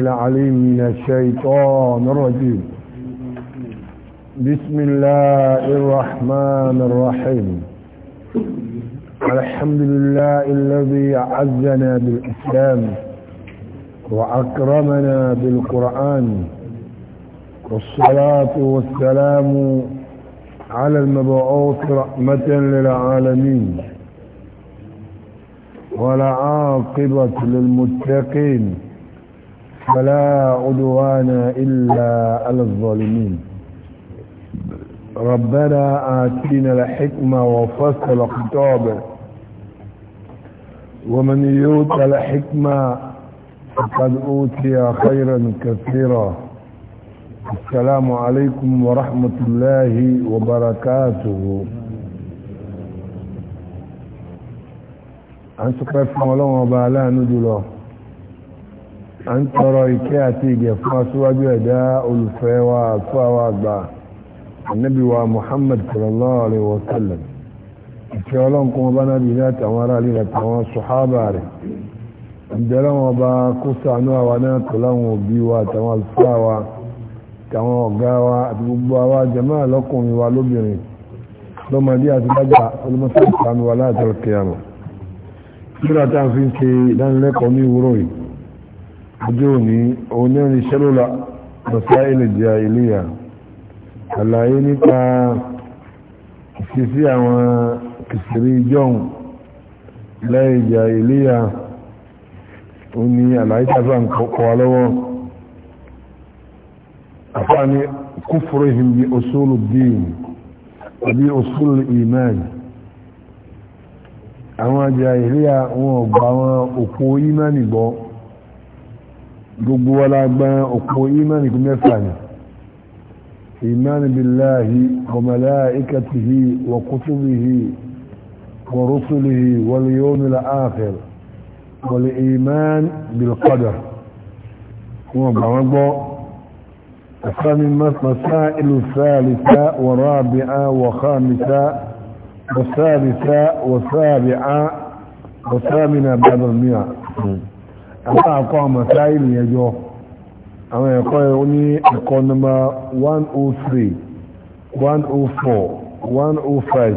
العليم من الشيطان الرجيم بسم الله الرحمن الرحيم الحمد لله الذي عزنا بالإسلام وأكرمنا بالقرآن والصلاة والسلام على المبعوث رحمة للعالمين ولا عاقبة للمتقين فلا عدوان إلا على الظالمين ربنا آتينا الحكمة وفصل خطابه ومن يوت الحكمة فقد أوتي خيرا كثيرا السلام عليكم ورحمة الله وبركاته أنت قرأت مولانا وبعلا نجله a ń tọrọ ìkẹ́ àti ìgẹ̀ fún aṣíwájú ẹ̀dá olùfẹ́ wa àtúwà wa àgbà annabi wa muhammad sallallahu alaihi wa sallam ìkẹ́ ọlọ́nkún ọba náà bí láti àwọn ará ilé àti àwọn sọ̀hábà rẹ̀ ìjọra wọn bá kó sànú àwa náà tó láwọn òbí wa àtàwọn àlùfáà wa àtàwọn ọ̀gá wa àti gbogbo àwa jàmáà lọ́kùnrin wa lóbìnrin lọ́mọdé àti lágbà olùmọ̀sán wa láti ọ̀kẹ́ àmọ́. Bí ra tá a fi ń ṣe ìdánilẹ́kọ̀ọ́ ní ìwúrọ̀ yìí, ọjọ́ òní onírin ṣẹlọ́lá masáìlì jahiliya àlàyé nípa ìṣesí àwọn kìsìrí john lẹ́yìn jahiliya ó ní àlàyé tàbí àkọ́kọ́ lọ́wọ́ àfáàní kufrihim bí usulu din àbí usulu iman àwọn jahiliya wọn gbà wọn òpó imani gbọ́ gbogbo wa lágbára ọkọ imani kún mẹ́fà ni imani billahi wa malaikatihi wa kutubihi wa rusulihi wal yawmil akhir wal iman bil qadar wọn ba wọn gbọ́ salisa wa rabia الثاني مسائل الثالثة ورابعة وخامسة والثالثة والسابعة والثامنة بعد المئة àwọn àkọ́ àmọ̀sáì nìyẹjọ́ àwọn ẹ̀kọ́ ẹ̀ ó ní ẹ̀kọ́ nọmba 103 104 105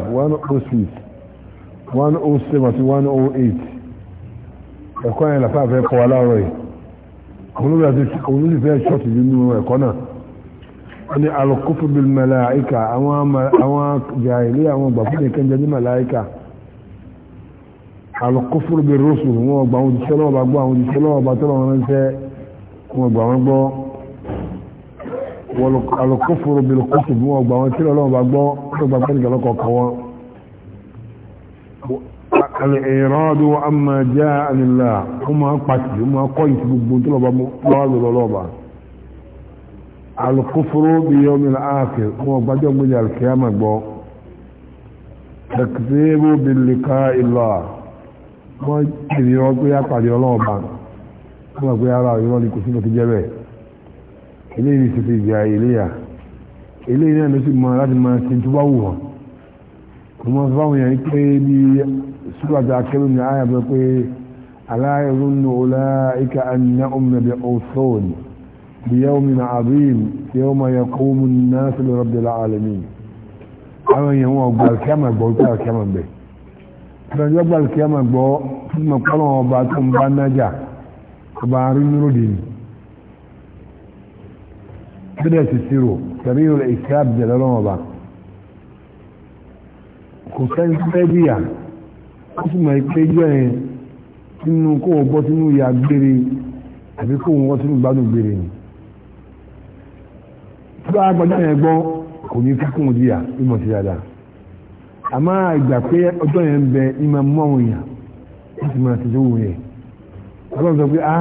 106 107 àti 108 ẹ̀kọ́ ẹ̀ làfáà fẹ́ kọ́ wa láàárọ̀ yìí olóògbé àti olùfẹ́ ṣọ́ọ̀tì nínú ẹ̀kọ́ náà wọ́n ní alùkúfù bíi mẹ́láìkà àwọn jàìlé àwọn gbàgbọ́n nìkan jẹ́ ní mẹ́láìkà alukufuru bi rusu wọn gba àwọn òjíṣẹ́ lọ́wọ́ bá gbọ́ àwọn òjíṣẹ́ lọ́wọ́ bá tọ́lọ̀ wọn ránṣẹ́ wọn gba wọn gbọ́ alukufuru bi rusu wọn gba àwọn òjíṣẹ́ lọ́wọ́ bá gbọ́ wọn gba pẹ́ẹ́nì kẹlọ́kọ̀ kọ́ wọn. alìrọ́dù àmà jẹ́ ànilá wọn máa pàtì wọn máa kọ́ ìtì gbogbo tó lọ́ba lọ́wọ́ lọ́ba alukufuru bi yọmi láàkì wọ́n tèmi wọ́n pé apàdé ọlọ́ọ̀bà wọ́n wà pé ara ìrọ́ ni kò sí lọ́tí jẹ́ bẹ́ẹ̀ eléyìí ni ṣètò ìjà ìléyà eléyìí náà ló sì mọ láti máa ṣe tó bá wù wọ́n mo máa fi báwọn yẹn pé bí súpàtà akẹ́rù ní àyà bẹ́ẹ̀ pé aláìrú ní ọlá ìka àná ọmọ ẹ̀bẹ̀ ọ̀sọ́ọ̀nì bí yẹ́wò mi na àbíyìm yẹ́wò máa kó mu náà sí lọ́rọ̀ àlẹ́ mi àwọn èèyàn wọn gbà kí gbọ́ kí á ìrànjọ́ gbà kí a máa gbọ́ fún ọ̀pọ̀lọ́ ọba tó ń bá nájà ọba arínúrò dì ní bídẹ̀ sì sírò tẹ̀rí rẹ̀ ìsáàbì jẹ̀lẹ́ lọ́wọ́ ọba kò sẹ́ni fẹ́ bíyà ó sì mọ̀ pé jẹ́ ẹ̀ nínú kó o bọ́ sínú ìyá gbére àbí kó o wọ́n sínú ìgbádùn gbére ni tí wọ́n gbọ́dọ̀ yẹn gbọ́ kò ní kíkún òjìyà ìmọ̀ sí dáadáa àmọ́ ìgbà pé ọjọ́ yẹn ń bẹ ní máa mú àwọn èèyàn wọ́n sì máa tẹ̀síwò yẹn ọlọ́run sọ pé a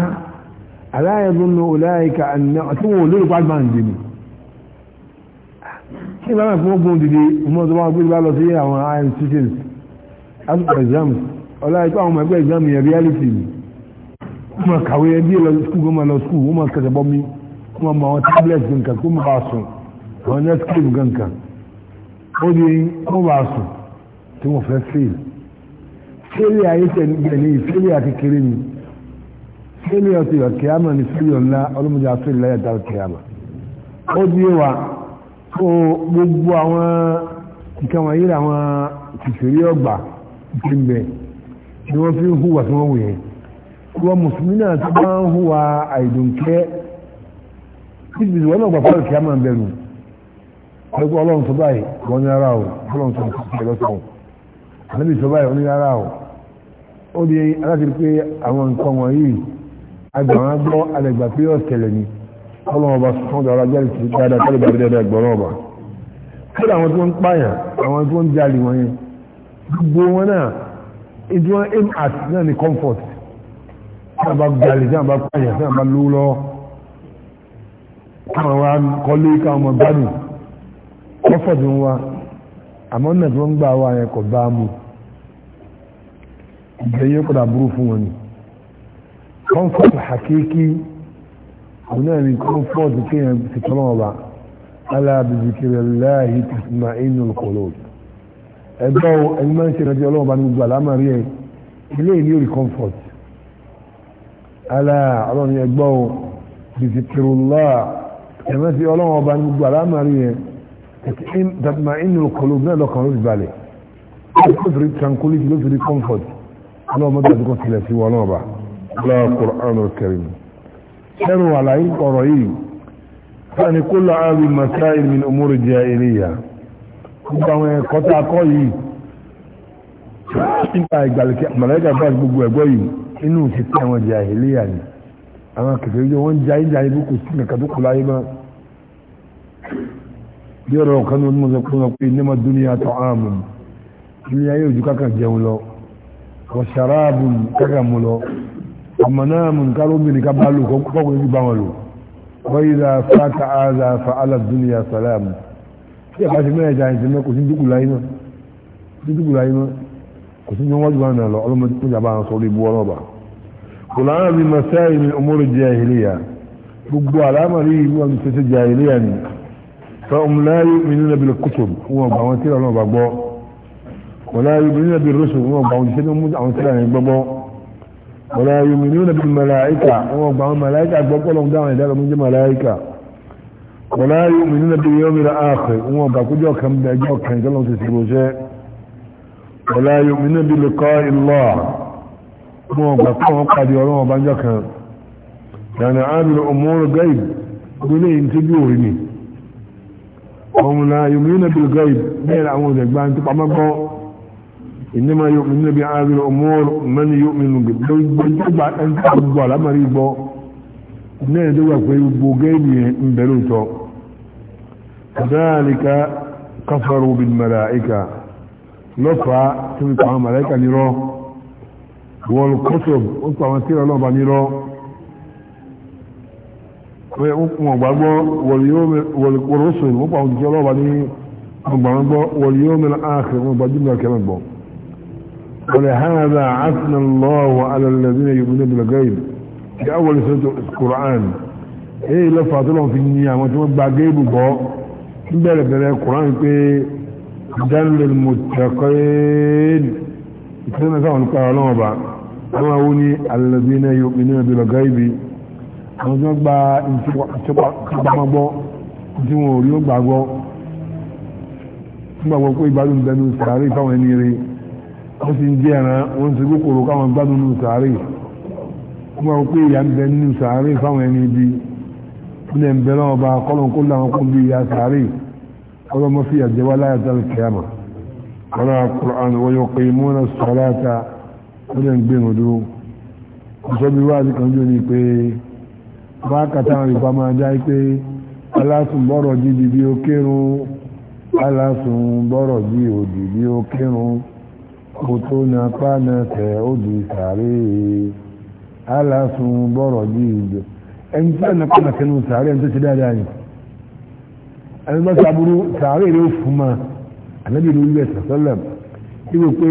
aláyẹ̀dún ní ọláyẹ̀ká àti wọn ò lérò pa àgbà ǹdè mi kí ni báwọn ìfowópamọ́ gbóhùn dìde ọmọ ọdún wọn gbé lọ sí àwọn institutions asukọ exam ọláyẹ̀ká àwọn ọmọ ẹgbẹ́ exam yẹn reality ni wọ́n máa kàwé ẹbí ẹ̀ lọ skul wọ́n máa lọ skul wọ́n máa kẹsẹ̀ bọ́ mi wọ́n máa àwọn tablet nǹkan kó máa bá a sùn àwọn nurse clip nǹkan ó di ó wà sùn tí wọ́n fẹ́ fèèlì fèèlì ayé tẹ̀lé ní fèèlì àkékeré ni fèèlì ọtí ọ̀kẹ́yàmà ni fèèlì ọ̀la ọlọ́mọdé àfẹ́lì láyà dá ọ̀kẹ́yàmà ó di wa kó gbogbo àwọn nǹkan wọ̀nyí làwọn kìsìrí ọgbà ti ń bẹ ni wọ́n fi ń hùwà tí wọ́n wù yẹn wọ́n mùsùlùmí náà ti bá ń hùwà àìdùnkẹ́ títí wọ́n náà gbà fọ́ọ̀kẹ́yàmà bẹ̀rù ẹgbẹ́ ọlọ́run tó báyìí wọ́n ní ara o ọlọ́run tó báyìí lọ́sọ̀rọ̀ ànábì tó báyìí wọ́n ní ara o ó di aláti pé àwọn nǹkan wọ̀nyí agbọ̀n agbọ́ alẹ́gbà pé yóò tẹ̀lé ni ọlọ́run ọba sọ́kàn ọ̀dọ̀ ara jẹ́rìí ti dáadáa tẹ́lẹ̀ bá dáadáa ẹgbọ̀n ọba kí àwọn tó ń pààyàn àwọn tó ń jalè wọn yẹn gbogbo wọn náà ìdí wọn aim at náà ni comfort tí bá jalè tí bá pààyàn tí bá kọ́fọ̀dù wa àmọ́ ọ̀nà tí wọ́n ń gbà wá yẹn kò bá mu ìjẹ́ yóò padà burú fún wọn ni kọ́fọ̀tù hakiki àwọn náà ní kọ́fọ̀tù kéèyàn ti tọ́lọ́ ọba alábìbìkiri láàyè tìsímà inú kòló ẹgbẹ́ ẹni máa ń ṣe ìrẹsì ọlọ́wọ́ bá ní gbogbo àlámàrí ẹ ilé ìní òrì comfort alá ọlọ́run ẹgbẹ́ ọ bìbìkiri láà ẹ̀mẹ́sì ọlọ́wọ́ bá ní gbogbo àlámàrí ẹ tatma'innu al-qulub náà lọ́kàn ló ti balẹ̀ ó fi rí tranquility ló fi rí comfort ọlọ́mọ dájú kan tilẹ̀ sí wọn náà bá lọ́wọ́ Qur'an al-Karim ṣẹ́rù àlàyé ọ̀rọ̀ yìí fẹ́ni kó lọ àrùn masáìl min umuri jahiliya gbogbo àwọn ẹ̀kọ́ tá a kọ́ yìí nípa ìgbàlẹ̀kẹ́ mọ̀lẹ́gà bá gbogbo ẹ̀gbọ́ yìí inú ti tẹ́ àwọn jahiliya ni àwọn kẹfẹ́ yìí wọ́n jayé jayé bí kò sí nǹkan tó kù bí ọ̀rọ̀ kan ní ọdún mọ́sán pé ní ma dúnìyà tó ààmù ilé ayé òjú kákà jẹun lọ ọ̀ṣàráàbù kákà mú lọ àmànáàmù kárọ́bìnrin ká bá lò kọ́kùnrin jù bá wọn lò wáyíra fata ààzà fa'ala dúnìyà sàlámù tí a bá ti mẹ́rin jà ìsinmi kò sí dúkù láyé náà sí dúkù láyé náà kò sí ní jù wọn lọ ọlọ́mọdé kó jàbá àwọn sọ̀rọ̀ ìbú ọlọ́ba kò láàrín masáyìn umuru jahiliya gbogbo فهم لا يؤمنون بالكتب هو بعون تلا ولا بعبو ولا يؤمنون بالرسل هو بعون تلا ولا تلا بعبو ولا يؤمنون بالملائكة هو بعون ملائكة بعبو لهم دعوة دعوة من ملائكة ولا يؤمنون باليوم الآخر هو بعكو جو كم جو كان كلهم تسيبوه ولا يؤمنون بلقاء الله هو بعكو قد يرون بعجو كان يعني عامل أمور غيب قولي انتبهوا هني وهم لا يؤمنون بالغيب غير عمود يقبان تبع مقبو إنما يؤمنون بهذه الأمور من يؤمن بالغيب بعد أن تبع الأمر náà tó wà pé gbogbo gẹ́ẹ̀mì ń bẹ̀rù tọ́ dáàríká káfàrò ka mẹ́láíkà lọ́fà tó fi pàwọn mẹ́láíkà nírọ́ wọ́n kọ́sọ̀ ó wọn gbàgbọ́ wọ̀lọ́sọ̀ ìwọ́n pa òjijì ọlọ́wà ní ọgbàgbọ́ wọ̀lọ́mọ ààkẹ́ wọn gbàjú ní ọkẹ́ mẹ́gbọ́ ولهذا عثنا الله على الذين يؤمنون بالغيب في أول سورة القرآن èyí lọ fà tó lọ fi yin àwọn tí wọ́n gba géèbù bọ́ ń bẹ̀rẹ̀ bẹ̀rẹ̀ kùrán pé dánilẹ̀ mùtẹ̀kọ́yẹ́ẹ̀dì ìtẹ́lẹ̀ àwọn tí wọ́n gba ìtìpamọ́gbọ́ tí wọ́n rí ó gbàgbọ́ nígbàgbọ́ pé ìgbádùn bẹnu sàárè fáwọn ẹni rẹ̀ wọ́n sì ń jẹ́ ẹ̀ràn wọ́n sì kókòrò káwọn gbádùn nù sàárè nígbàgbọ́ pé ìyá ń bẹ nínú sàárè fáwọn ẹni bí ilẹ̀ ń bẹ náà ọba kọ́lọ̀ kó làwọn kó bí ìyá sàárè ọlọ́mọ fi àjẹwà láyàtọ̀ kìámà ọlọ́ àkùrán wọ́n yọ pé mọ́nà sọ̀rọ̀ àta ó lẹ́ gbé nù dúró ọ̀sọ́ bí wáàdì kan jò ní pé bákàtà ìfà máa já pé alásùnbọ̀rọ̀ jí di bí ó kírun alásùnbọ̀rọ̀ jí òdì bí ó kírun kò tó na pánà tẹ̀ òdì sàárè alásùnbọ̀rọ̀ jí ìjọ ẹni tí wọ́n na pánà tẹnu sàárè ẹni tó ti dáadáa yìí ẹni bá sàbúrú sàárè ló fún ma ànábì ló wíwẹ̀ sàtọ́lẹ̀ ìwé pé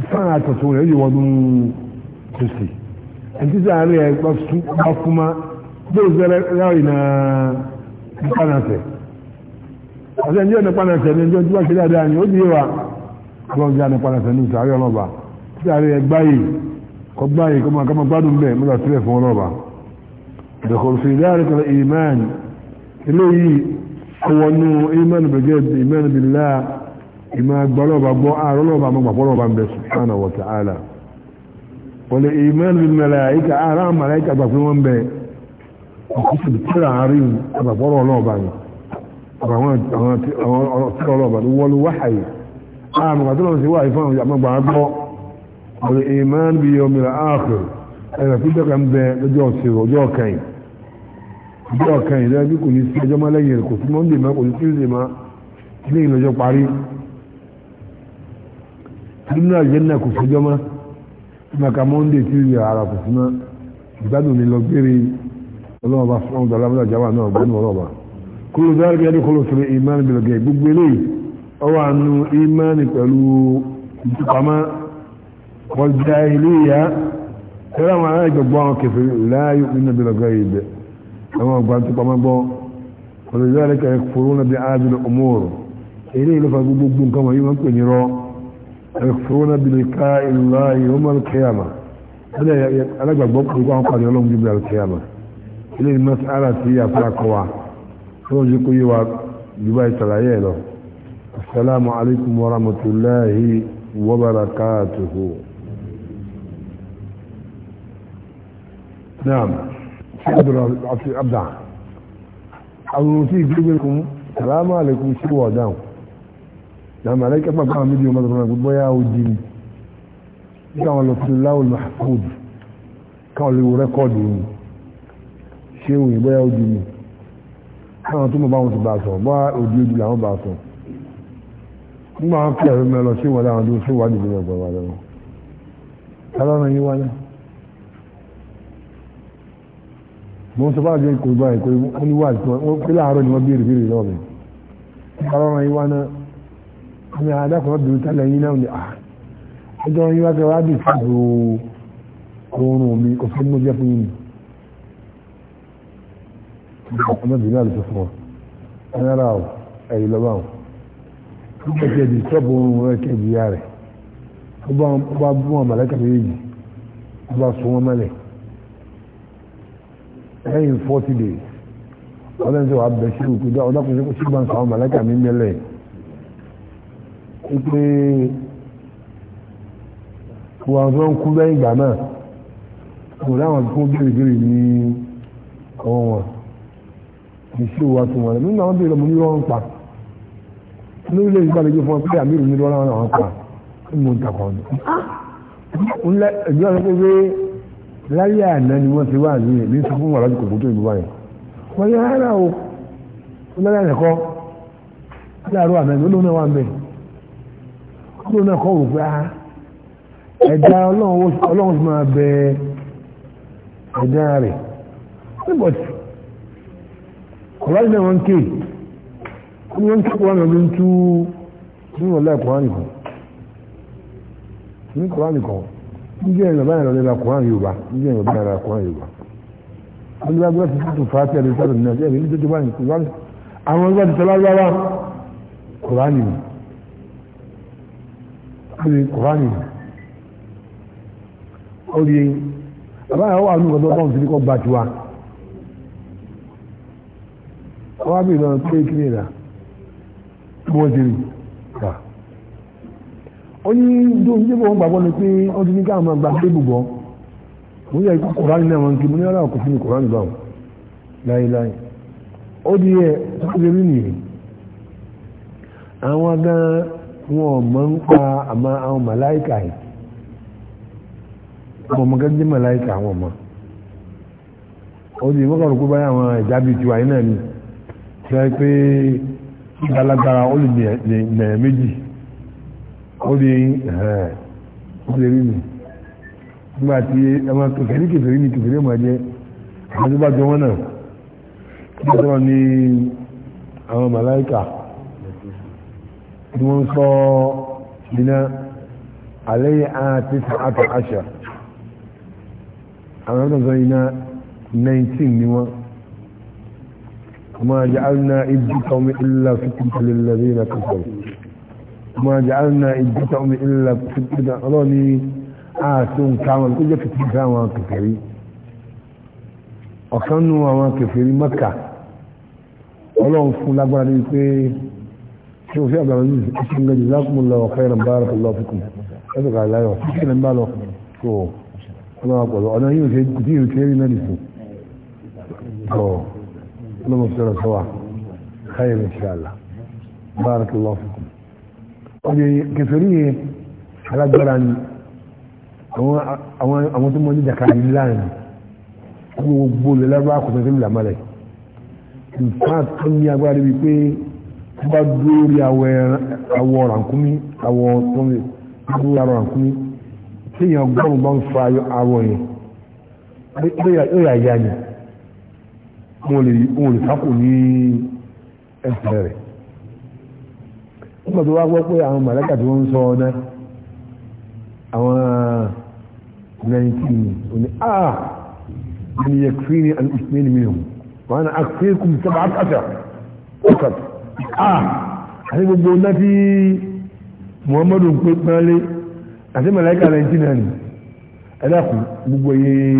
ìfáàn àtọ̀tún rẹ̀ yóò wọnú tòsí ẹni tí sàárè ẹ bá fún ma bóyá ìṣẹ̀lẹ̀ ráàyè na nípanàṣẹ àti ẹni ọ̀nà panàṣẹ ni ẹjọ́ tí wọ́n ṣe dáadáa ni ó di wa ọlọ́run jẹ́ àná panàṣẹ ní ìṣàrí ọlọ́ba tí àrí ẹ gbáyè kọ gbáyè kọ máa kọ́ máa gbádùn bẹ́ẹ̀ mọ́ta sílẹ̀ fún ọlọ́ba ìdọ̀kọ̀rọ̀ sí ìdáàrí kan ìmán eléyìí ọwọ́nú ìmán bẹ̀gẹ́ ìmán bìlá ìmán gbọ́lọ́ba gbọ́ àrọ́lọ́ba mọ́ gbàpọ́lọ́ba ń bẹ subhanahu wa ta'ala wọlé ìmán bìlá màláìka àrà màláìka gbàpẹ́ wọn bẹ́ẹ̀ ìkúsùn tíra àárín àbàbọ́rọ̀ ọlọ́ọ̀bà ni àwọn tíra ọlọ́ọ̀bà ni wọ́n ló wáhàyè ah, àmọ́ àti lọ́wọ́ sí wáhàyè fún àwọn àmọ́gbà gbọ́ àwọn èèmán bíi ọmọ ìlà áàfẹ́ ẹ̀rọ tó jẹ́ka ń bẹ lọ́jọ́ ọ̀sẹ̀rọ̀ ọjọ́ ọ̀kẹyìn ọjọ́ ọ̀kẹyìn lẹ́yìn bí kò ní sí ẹjọ́ mọ́lẹ́yìn rẹ̀ kò sí mọ́ndé má kò sí tíúzé má ilé ìlọ́jọ́ parí nínú àjẹ́nà kò sọjọ́ má màkà mọ́ndé tíúzé ara kò sí má ìgbádùn mi lọ gbére ọlọ́wọ́ bá fún ọdọ̀ alábọ́dà jáwà náà gbọ́nù ọlọ́wọ́ kúrò dárí bí ẹdíkọlù sílẹ̀ ìmánì bìlọ̀gẹ̀ gbogbo ilé ọwọ́ àánú ìmánì pẹ̀lú ìtìpamá ọjà ilé ìyá ẹ̀rọ àwọn ará ìjọgbọ́ àwọn kẹfẹ́ láàyò nínú bìlọ̀gẹ̀ ibẹ̀ àwọn ọgbà ìtìpamá gbọ́ ọdọ̀ dárí kẹ fòrò náà bí ábìlọ̀ ọmọọ̀rọ̀ ilé ìlú fa gbogbo nǹkan ilé mas'ala tí àfẹ́ akọwà tó ń jẹ́kọ́ yíwa jùbá ìsàlàyé lọ assalamu alaikum wa rahmatullahi wa barakatuhu naam abdá àwọn tí ìgbégbékun salamu alaikum sí wọ̀ dáhùn na malaika papa a mídíò mazaruna gbogbo ya ojú ni káwọn lọ sí láwọn mahfud káwọn lè wọ ṣé òyìn bóyá ojú mi àwọn tó mọ̀ báwọn ti bá a sọ bá òdi ojú làwọn bá a sọ nígbà wọn fi ẹ̀rọ mẹ́lọ ṣé wọlé àwọn tó ṣé wà nìyí lọ́gbọ̀n wà lọ́wọ́ alọ́nà yín wálé mo ń sọ báyìí kò gbà ìkó ó ní wáàsí wọn pé láàárọ̀ ni wọ́n béèrè béèrè lọ́wọ́ mi alọ́nà yín wálé àmì àdàkùnrin bìrì tálẹ̀ yín náà ni à ah, ẹjọ́ yín wá kẹ́ wá bì fún oorun mi kò fẹ́ mú jẹ́ fún yín ni ọmọ ìbílẹ̀ àti fún wọn ẹni ara ọ ẹ̀yìn lọ́wọ́ àwọn nígbà kejì sọ́ọ̀bù ohun rẹ̀ kejì ya rẹ̀ ó bá bú wọn màlẹ́kà méjì ó bá sún wọn mẹ́lẹ̀ lẹ́yìn forty days ọlọ́run tí wàá bẹ̀ sí òkú ọdọ́kùnrin kò sí gbọ́n sọ àwọn màlẹ́kà mi mẹ́lẹ̀ pé wọn tó ń kú lẹ́yìn ìgbà ní ọwọ́ wọn ìṣó wa tó wọn nínú àwọn bèèrè mo ní lọ́rùn pa lórí lè gbàgbé jù fún ọ pé àmì ìròyìn lọ́rùn àwọn pa mo ń takọ̀ ọ̀nà. ìjọba sọ pé láyé àná ni wọ́n ti wá àlú yẹn sọ fún wàhálà kòkòrò tó ìbúwa yẹn wọ́n yẹ ara o lọ́la ẹ̀kọ́ láàárọ̀ àná ni olóhùn náà wà ń bẹ̀ olóhùn náà kọ́ wò pé ah ẹ̀dá ọlọ́run ti máa bẹ ẹ̀dá rẹ̀ kùránì náà wọ́n ké wọ́n wọ́n ké kùránì náà ló ń tú ní wọ́n láì kùránì kan ní kùránì kan níjẹ́ ìrìn àbáyọ̀ lọ́lẹ́ la kùránì yorùbá níjẹ́ ìrìn àbáyọ̀ la kùránì yorùbá wọ́n lé agbára tuntun tó fà á tẹ̀lé sọ́dọ̀ nínú ẹ̀jẹ̀ ní tó báyìí kùránì àwọn ọgbà tó tọ́lá rárá kùránì ni kùránì ni ó rí àbáyọ̀ wà nínú ọ̀dọ́ báwọn ti ní kọ́ àwọn àbí ìlànà tó yẹ kí ni ìlà tí wọ́n ti rí gbà. ó ní dóun jẹ́ bọ́ wọn gbàgbọ́ ni pé ó ti ní ká àwọn àgbà gbé bùbọ́ mo yẹ kó kùránì náà wọn kí mo ní ọ̀rọ̀ kò fún mi kùránì báwọn láéláé ó di ẹ̀ tó ti rí nìyí àwọn gan wọn ò mọ̀ ń pa àmọ́ àwọn màláìkà yìí àwọn ọmọ gẹ́gẹ́ màláìkà àwọn ọmọ ó di tí wọ́n pé ìgbàlagbára ó lè nẹ̀yẹ̀ méjì ó lè ó lè rí mi nígbà tí ọmọ kẹfẹ́rí kẹfẹ́rí ni kẹfẹ́rí ọmọ ẹ̀jẹ̀ àwọn tó bá jọ wọn náà kí wọ́n sọ̀rọ̀ ní àwọn màláìkà tí wọ́n sọ iná àlẹ́ àti àtàkàṣà àwọn tó sọ iná 19 ni wọ́n. وما جعلنا عدتهم إلا فتنة للذين كفروا وما جعلنا عدتهم إلا فتنة أروني آسون كامل كل فتنة كامل كفري وكانوا وما كفري مكة ọlọ́run fún lágbára ní pé tí o fi àgbàrá ní ìṣẹ́gun gẹ̀ẹ́jì lákùnmùlọ ọ̀kẹ́rẹ̀ bára pẹ̀lú ọ̀fikùn ẹ̀sùn àláyọ̀ kíkìlẹ̀ ń bá lọ tó ọlọ́run pọ̀lọ́ ọ̀nà yìí ò tí ì rí mẹ́rin fún لما تصير سواء خير ان شاء الله بارك الله فيكم كثيرين alágbára ni àwọn tó mọ́ ní jàkàrí láàrin gbogbo olè lábá kò tẹ́sí ìlà mọ́lẹ̀ nǹkan tó ní agbára rí pé tó bá dórí àwọ̀ rànkúmí àwọ̀ tó ń dórí àwọ̀ rànkúmí tí èèyàn gbọ́n bá ń fa àwọ̀ yẹn ó yà yá ni wọn lè sákò ní ẹsẹ̀ rẹ̀ nígbà tó wá gbọ́ pé àwọn mọ̀lẹ́kà tí wọ́n ń sọ ọ́nà àwọn nineteen oní àà ẹni yẹ kiri ní àti ìsìn mìíràn wọn na àkíkù sábà àtàtà ọkàt àà àti gbogbo ọ̀nà tí muhammadu ń pè pẹ́lẹ́ àti mọ̀lẹ́kà nineteen náà ni ẹ̀dá kù gbogbo ẹ̀yẹ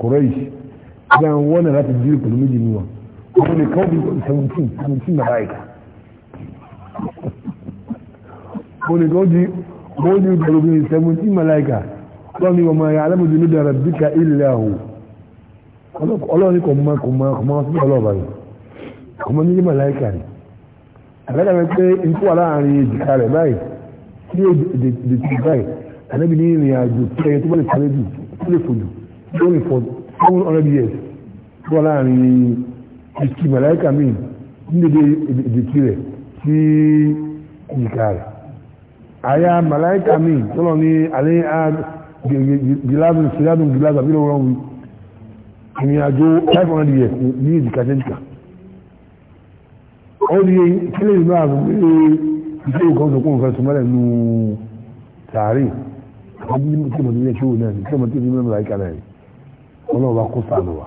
kọ̀rọ̀ yìí bí àwọn wọ́n náà láti dírí pẹ̀lú méjì ní wọn wọ́n lè kọ́ bí seventeen seventeen nàrà ìka wọ́n lè kọ́ di wọ́n di pẹ̀lú bí seventeen nàrà ìka wọ́n ní ọmọ ẹ̀yà alábòjú ní dara bíkà ilẹ̀ ahò ọlọ́ọ̀ni kò mọ kò mọ kò mọ sí ọlọ́ọ̀bà rẹ̀ kò mọ níyí nàrà ìka rẹ̀ àgbàdà mi pé nkú wà láàrin èjìká rẹ̀ báyìí sí èdè tì báyìí ànábì ní ìrìn àjò tó yẹ tó bá lè sáré jù tó lè fò tó lè fò one hundred years tó wà láàrin ìsìkì màláìkà míì nídéédé ìdìkì rẹ̀ sí ìkà rẹ̀ àyà màláìkà míì tọ́lọ̀ ní alẹ́ gíláàbù síláàbù gíláàbù àbí lọ́wọ́ wí ìrìn àjò five hundred years ní ìdìkà jẹ́jìkà ó ní kílè ìlú àwọn ìṣe ìkan sọ fún òfin sọmọlẹ̀ nù sàárè ọdún tí mo ti ní ẹ̀ṣẹ́ òun náà ní tí mo ti ní mẹ́rin màláìkà náà ọlọ́run bá kó sànù wa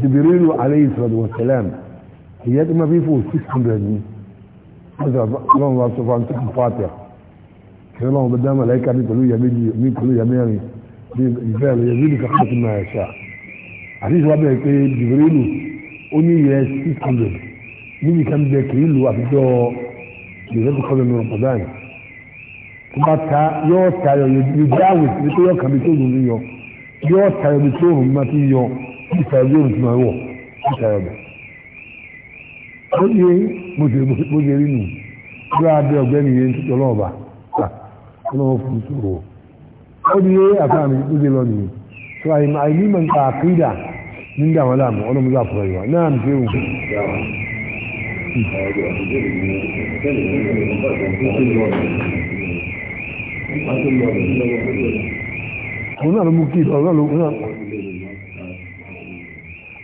jibirilu aleyhi sọ̀rọ̀ wa sẹ́lẹ̀m ìyá tó máa fi fò six hundred ní ọlọ́run bá sọ̀rọ̀ àti tó fà tẹ̀ kí ọlọ́run bá dáhùn aláìka mi pẹ̀lú ìyá méjì mi pẹ̀lú ìyá mẹ́rin bí ìfẹ́ rẹ̀ yẹ bíbí kakọ́ tó máa ṣá àti ìṣòro abẹ́rẹ́ pé jibirilu ó ní ìyẹ six hundred níbi kan bẹ kì í lu àfijọ́ ìrẹ́pù kọ́lẹ̀ ní ọ̀pọ̀ báyìí tó bá ta yọ ọ́ yóò tayọ bí tí òun máa ti yọ bí tayọ bí òun ti máa wọ bí tayọ bẹ. ó yẹ mo ṣe mo ṣe rí nù bí wàá bẹ ọ̀gbẹ́ni yẹn ti tọ lọ́wọ́ bá ta ọlọ́wọ́ fún sòrò ó yẹ àtàmì mo ṣe lọ nìyẹn tó àyè máa yí mọ̀ nípa àkídà ní ìdá àwọn aláàmú ọlọ́mọ bá fọ ìwà náà ń fẹ́ òun. Thank you òun náà ló mú kí ìtọ̀ náà ló náà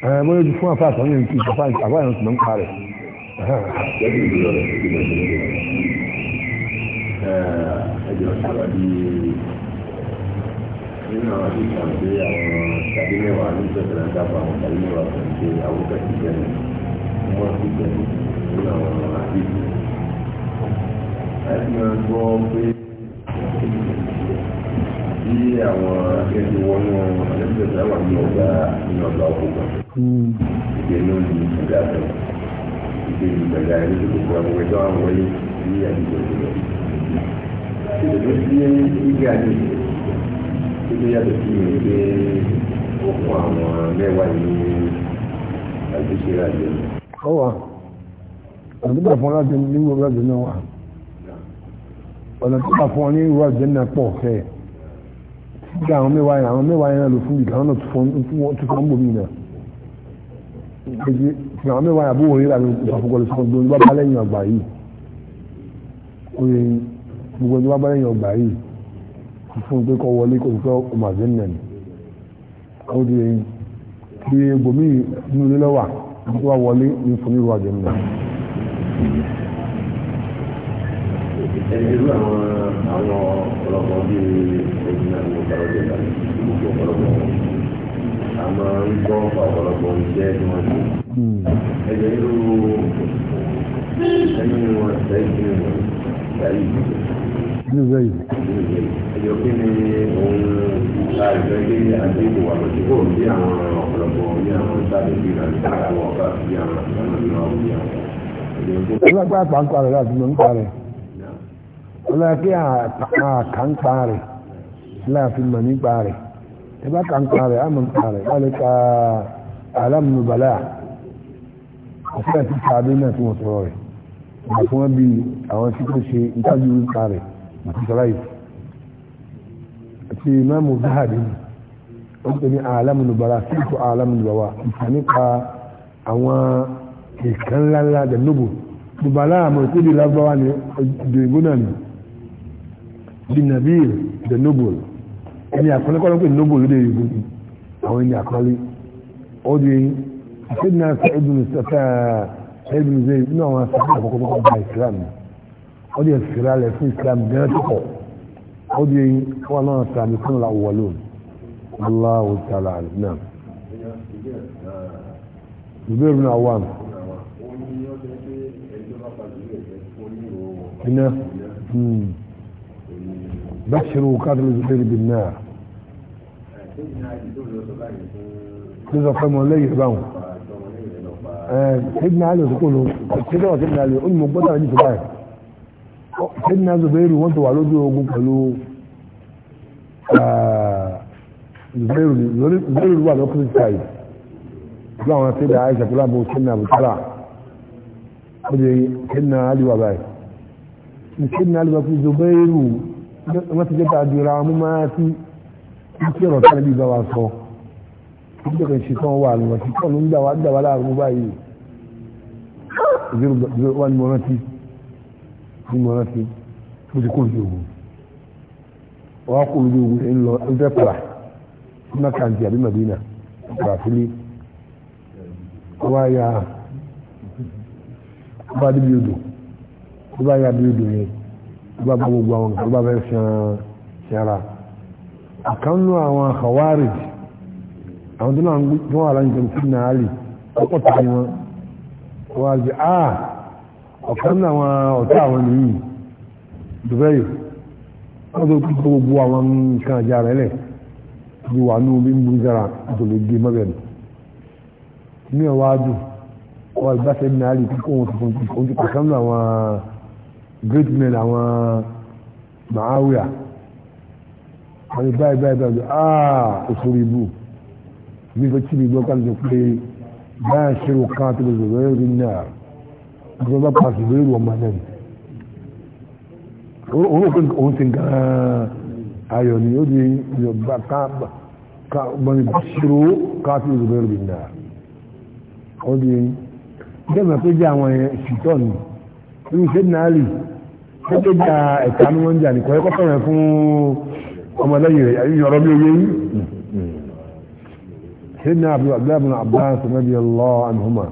ẹ̀ mọ́ yóò fún àfáà sọ́nà ìkí ìtọ̀ fáà yẹn sùnmọ́ ń pa rẹ̀. ẹjọ́ ti jẹ́ wọ́n ti bí àwọn akẹ́kọ̀ọ́ wọnú ẹgbẹ̀ta wà ní ọgbà ní ọgbà òkúta ìgbé náà ní ìgbà tó ìgbé ní gbàgbà ẹni tó gbogbo àwọn ẹjọ́ àwọn wọlé ní àdúgbò ìgbà ìgbà tí ìgbé àdé tó yàtọ̀ sí mi pé ó àwọn mẹ́wàá ní àdúgbò ìgbà ọwà àdúgbò fún láti ní ìwé ọgbà náà wà ọ̀nà tó bá fún ọ ní ìwé ọgbà náà pọ̀ fẹ́ẹ̀ bí àwọn mẹ́wàá yẹn àwọn mẹ́wàá yẹn lò fún ìgbà wọn tó fọ́n bò mí náà àwọn mẹ́wàá yẹn àbúrò rírà ní ìfàfọ́gọ́lù sọ́kọ́ gbogbo nígbà bá lẹ́yìn ọgbà yìí oye gbogbo nígbà bá lẹ́yìn ọgbà yìí fún un pé kọ́ wọlé kò fẹ́ ọmọ àdéhùn náà ni ó di eyín bí gbòmí nínú ilé lọ́wà tó wà wọlé ní fún irú àdéhùn náà. ẹ̀rù àwọn àwọn ọ̀pọ̀lọpọ̀ bíi náà ní ìdáròjẹ náà gbogbo ọ̀pọ̀lọpọ̀ wọn a máa ń gbọ́ ọ̀pọ̀lọpọ̀ iṣẹ́ tí wọ́n ṣe. ẹ̀jẹ̀ irú ẹni wọn ṣẹ́ kí ni wọ́n ṣàyí. inú bẹ́ẹ̀ yìí. ẹ̀jọ̀ kí ni òun àìsàn ilé àti ìbò wà lọ́sí kò sí àwọn ọ̀pọ̀lọpọ̀ ní àwọn sáàdé bíi náà nípa àwọn ọ̀gá àti àwọn àtàwọn náà wọ́n yà wọ́n. ọlọ́pàá àpá láàfin mọ̀ nípa rẹ̀ ẹbá ka ń pa rẹ̀ àmọ́ ń pa rẹ̀ wọ́n lè ka alámùbálà ọ̀fẹ́ àti tàbí náà tí wọ́n sọ̀rọ̀ rẹ̀ ìgbà tí wọ́n bí àwọn tí kò ṣe ìtàjú nípa rẹ̀ àti sọ̀rọ̀ yìí àti ìmáàmù záhàbí wọ́n pè ní alámùbálà síkò ẹni àkọlẹ́kọ́ lọ́pẹ́ nógò lóde ìbò ni àwọn ẹni àkọlẹ́ ó di ìṣẹ́dínà ẹ̀dùn sọ́tà ẹ̀dùn zẹ́yìn nínú àwọn asàkọ́ àkọ́kọ́ bá Islam ó di ẹ̀sìrà lẹ̀ fún Islam gẹ́rẹ́ tó pọ̀ ó di wọn náà sàmì fún la wọ̀ lóun Allahu ta'ala náà. ìbéèrè náà wà mí. iná. Hmm. بشروا قتل الزبير بالنار لذا قاموا لي يبعون سيدنا علي تقولوا كده وسيدنا علي يقول مبادرة دي تبعي سيدنا زبير وانت وعلو دي وقوم قالوا زبير زبير الوعد وقت السعيد قالوا انا سيدنا عايشة كلها بو سيدنا ابو طلع قلت سيدنا علي وبعي سيدنا علي وقت زبير wọ́n ti jẹ́ta àjọra mú máa tí kí ọ̀rọ̀ tánà bí ìbáwá sọ ìjọ kan ṣe tán wà lọ́wọ́ tí kọ́ọ̀lù ń gbà wá gbà wá láàrú mú báyìí zero one mo rántí ní mo rántí mo ti kó ojú ogun wọ́n kó ojú ogun ń lọ ń fẹ́ pàrà sí àbí màdínà pàrà sílé wọ́n á yà bá débi odò wọ́n yẹn bá bá gbogbo àwọn nǹkan bá fẹ́ san yàrá àkànnú àwọn Khawarij àwọn tó náà ń gbọ́n ara nǹkan sí nàárì ọ̀pọ̀ tàbí wọn wọ́n á di a ọ̀kànnú àwọn ọ̀tá àwọn nìyí dùbẹ́yì wọ́n tó kí gbogbo àwọn nǹkan àjà rẹ̀ lẹ̀ bí wà ní omi ń bú yàrá àtòlè gé mọ́bẹ̀rẹ̀ ní ọ̀wá dùn wọ́n ìgbàsẹ̀ nàárì kíkọ́ wọn tuntun kíkọ́ wọn ti kàkànnú àwọn great men àwọn màáwíà wọ́n ní báyìí báyìí báyìí ah òṣòro ìbú bí ìfẹ́ tí mi gbọ́ ká ló pé báyà ṣerò kan tó lè zọ̀rọ̀ ẹ̀rí náà ìfẹ́ bá pa àṣìbò èrò ọmọ náà ni òun òkú òun ti gan ayọ̀ ni ó di ìyọ̀bá ká bọ́ni ṣerò ká tó lè zọ̀rọ̀ ẹ̀rí náà ó di ìjọba pé jẹ́ àwọn ìṣìtọ́ ni irú ṣe náà kókè gba ẹ̀ka ní wọ́n ń jà nìkan ẹ̀kọ́ sọ̀rọ̀ fún ọmọlẹ́yìn rẹ̀ àyíyàn ọ̀rọ̀ bí oyé yìí sẹ́yìn náà abdullahi bin abbas radiyallahu anhuma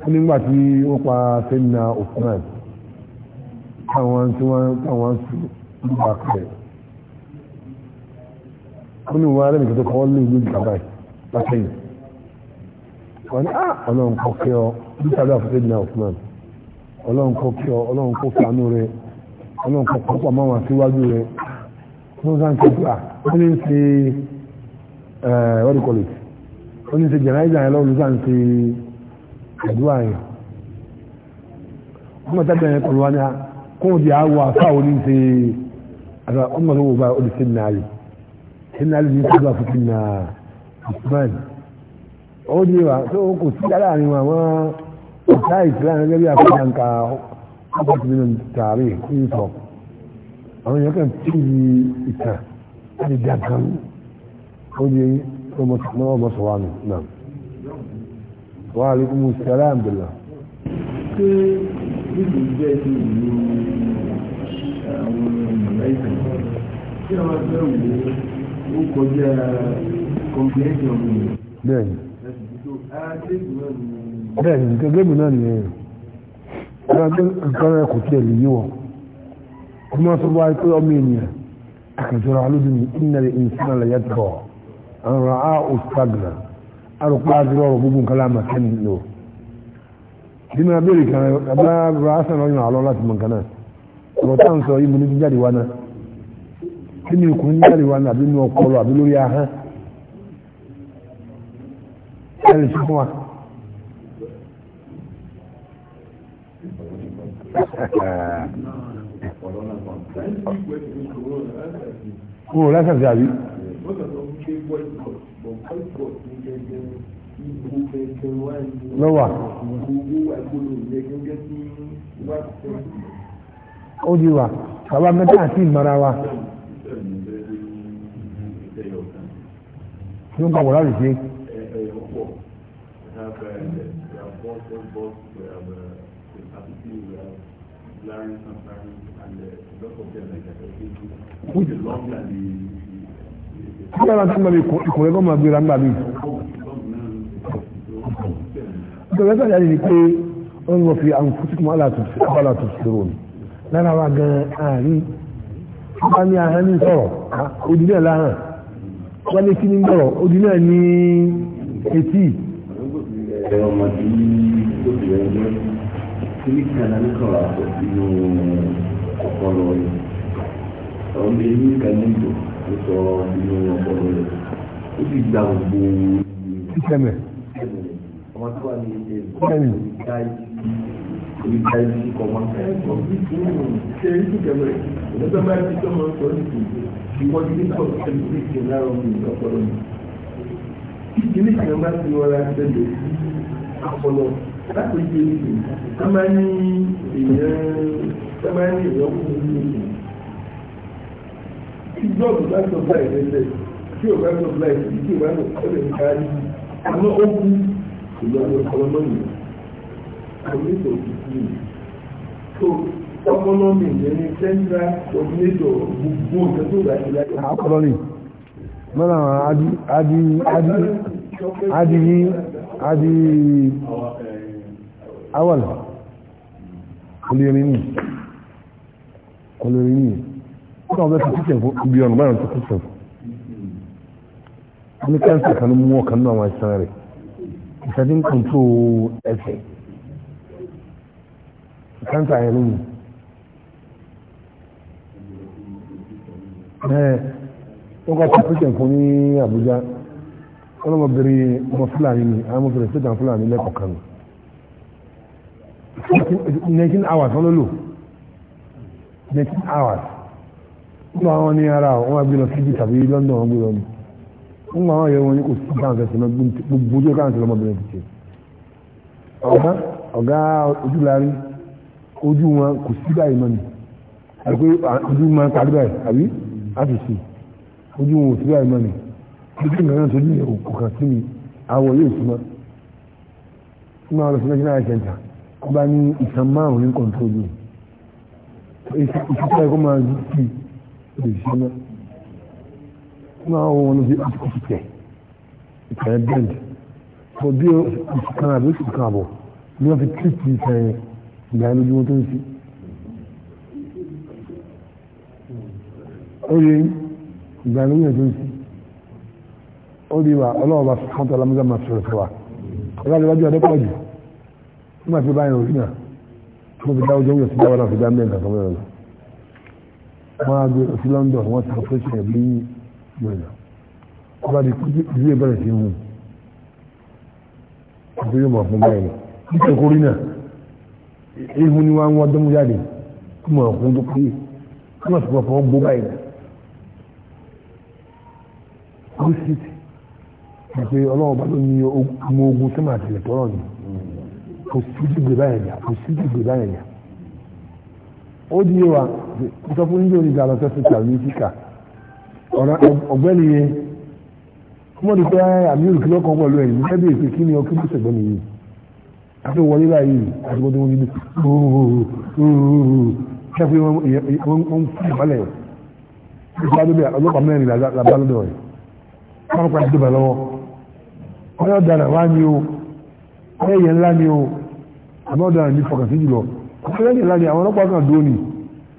wọ́n nígbà tí wọ́n pa sẹ́yìn náà usman táwọn tí wọ́n táwọn sùn nígbà kẹ́ wọ́n ní wọ́n arẹ́bìkẹ́ tó kọ́ lé ìlú ìjàmbá yìí látẹ̀yìn wọ́n ní ah ọlọ́run kọ́ kí ọ bí sábà fún ọlọ́run kọ́ kí ọ ọlọ́run kọ́ ọlọ́nkọ̀ pọ̀pọ̀ mọ́ wọn síwájú rẹ̀ lọ́sàn kẹfà ó ní ṣe ọdún kọlẹ̀ ó ní ṣe jẹ̀ráìjà yẹn lọ́wọ́ lọ́sàn ṣe ẹ̀dúwà yẹn ọmọ tẹ́tẹ́ yẹn kọlu wa ní kóhùn di àwọ̀ àfáà ó ní ṣe àgbà ọmọ tó wò bá ó nàálì ṣe nàálì ní sábà fún ti nà ìsúmáì ó di wa tó kò sí aláàrin wa wọn ọ̀tá أبعد من التاريخ يطلب أنا يمكن تيجي إتا أنا دابكم ودي ومسحنا ومسحواني نعم وعليكم السلام بالله bẹ́ẹ̀ni bẹ́ẹ̀ni gẹ́gẹ́ bí náà nìyẹn ọlọ́dún nǹkan rẹ̀ kò tiẹ̀ lè yí wọ̀ sọ wáyé pé ọmọ ènìyàn akẹ́jọ́ra alódún ní ìnàlẹ̀ ìsìn àlẹ́ yẹn tọ̀ àwọn ará òṣùpàgìrà arùpá àdúrà gbogbo nǹkan láàmà kẹ́ni lò nínú abẹ́rẹ́ kan abá rásán lọ́yìn àlọ́ láti mọ̀ nǹkan náà sọ yìí mo ní jíjáde wá náà jáde wá náà àbí inú àbí lórí ahọ́n lè ṣe fún wa. kúrò lásàtì àbí. lọ́wọ́ ó di wa bàbá mẹ́ta àti ìmọ̀ra wa ló ń kọ̀ wọ́n láti ṣe glaring sometimes, and uh, a lot of them, like I said, which is longer the. Bí ara tí mami ìkùnrin kọ́ máa gbéra ńgbà mi. Ìjọba ẹgbẹ́ ìyá yìí pé wọ́n lọ fi àwọn fúsìkì mọ́ àlà tó ṣòro ni. Lára wa gan-an àárín. Wọ́n bá ní ahọ́n ní sọ̀rọ̀, odi náà láhàn. Wọ́n ní kí ní gbọ̀rọ̀, odi náà ní etí. Àwọn ọmọdé ní ìgbésẹ̀ ẹgbẹ́ kìíní kan náà kọ̀ọ̀rọ̀ àpò nínú eh, ọpọlọ rẹ̀ ọ̀rọ̀ mi ní kàníńdò ló sọ nínú ọpọlọ rẹ̀ ó sì gba gbogbo ìṣẹ̀mẹ̀ ọmọ tó wà ní ilé rẹ̀ orí dáì orí dáì sí kọ́mọ́ ẹ̀kọ́ ṣe é sì kẹ̀mẹ̀ ìdájọ́ bá ti tọ́ sọ nìkú ìwọ́n ti ní sọ̀rọ̀ ẹni tí ìṣẹ̀ lára mi ọpọlọ mi kìíní bá ti wọra ṣẹlẹ̀ ọpọlọ láti ṣe ìlú a máa ní èèyàn kú ní ìlú tí jọ́ọ̀bù bá sọ báyìí lẹ́sẹ̀ tí ò bá sọ báyìí sí tí ò bá sọ ọ̀rẹ́ ń kárí àmọ́ ó kú ìlú àwọn ọlọ́mọ nìyẹn àwọn ètò òkùnkùn nìyẹn tó ọpọlọ mi ìyẹn ní central coordinator gbogbo nǹkan tó bá ti láyé. àkọlọ ni mọ́nà adi adi adi adi awal kò lè rìn ní kò lè rìn ní ó kàn bẹ́ẹ̀ fi kíkẹ́ fún ibi ọ̀nà báyọ̀ tó kíkẹ́ fún wọ́n ní kẹ́ńtà kan mú ọ̀kan náà wọ́n ṣan rẹ̀ ìṣẹ́jú ń kàn tó ẹsẹ̀ kẹ́ńtà kọ́ pàṣẹ fún ní Àbújá wọ́n lọ́mọ bẹ̀rẹ̀ ọmọ Fúlàní ni àwọn ọmọ Fúlàní lẹ́kọ̀ọ́ kan nù. 19 hours wọ́n ló lò 19 hours nígbà wọn ní ara wọn gbé lọ síbi tàbí London wọn gbé lọ ní nígbà wọn yẹ wọn ní kò sí káàkiri ẹsẹ náà gbogbo ojú káàkiri ọmọbìnrin ti ṣe ọ̀gá ọ̀gá ojúlárí ojú wọn kò sí báyìí mọ́ni àti ojú wọn parí báyìí àbí láti sí ojú wọn ò sí báyìí mọ́ni ojú ìgbà náà tójú yẹn kò kàn sí mi àwọ̀ yóò sí mọ́ nígbà wọn lọ sí national health center ọba ní ìtàn márùn ní kọ̀ǹtọ́lù ìfúnpá ẹ̀kọ́ máa ń fi lè ṣe mọ́ máa wọ́n ló fi àkókò tẹ̀ ìtàn bend bọ́ bí oṣù kan àbí oṣù kan àbọ̀ ni wọ́n fi tìtì ìtàn ìgbà lójú wọn tó ń fi. ó yẹ ìgbà lójú wọn tó ń fi ó di wa ọlọ́wọ́ bá sọ́kàn tó alámúdá máa sọ̀rọ̀ fún wa ọlọ́wọ́ bá jẹ́ ọdẹ́pọ̀ jù nígbà tí ó bá yẹn òfin náà tó fi dáwọ́ jẹ́wọ́ sí dáwọ́ náà fi dá mẹ́rin àtọ́wọ́ ẹ̀rọ wọ́n á gbé sí London wọ́n ti àpéṣe ẹ̀ bí mẹ́rin wọ́n bá di ìdílé bẹ̀rẹ̀ sí hù àti yóò mọ̀ fún báyìí nítorí kórìí náà ihun ni wọ́n á wọ́n dánwó jáde kí mọ̀ fún tó péye kí wọ́n sì pọ̀ fún gbó báyìí náà ó sì ti pé ọlọ́wọ́ bá ló ní ọmọ ogun sẹ́mà kò síjú gbé báyẹn yà kò síjú gbé báyẹn yà ó di wa sọ fún yíyọ ní ìgbàlọ́ sọ́sọ́ ti àwọn ìfíkà ọ̀rọ̀ ọ̀gbẹ́ni yẹn wọ́n ti pẹ́ àmì òrùkí lọ́kàn pẹ̀lú ẹ̀yìn nígbà bí èsì kí ni ọkí bó ṣẹ̀gbọ́n nìyí àti wọlé báyìí àti wọ́n ti wọ́n ti ṣẹ́fẹ́ wọn ń fi ìmọ̀lẹ̀ ìgbà tó bẹ̀ ọlọ́pàá mẹ́rin làbá lọ́dọ̀ rẹ̀ wọ́n pa ìdúbà lọ́wọ́ wọ́n yóò dára wá ní o ẹ̀yẹ ńlá ni o àmọ́dà ní fọkànsí jùlọ ọ̀pẹ́lẹ́yìn ńlá ni àwọn ọlọ́pàá kan dúró ni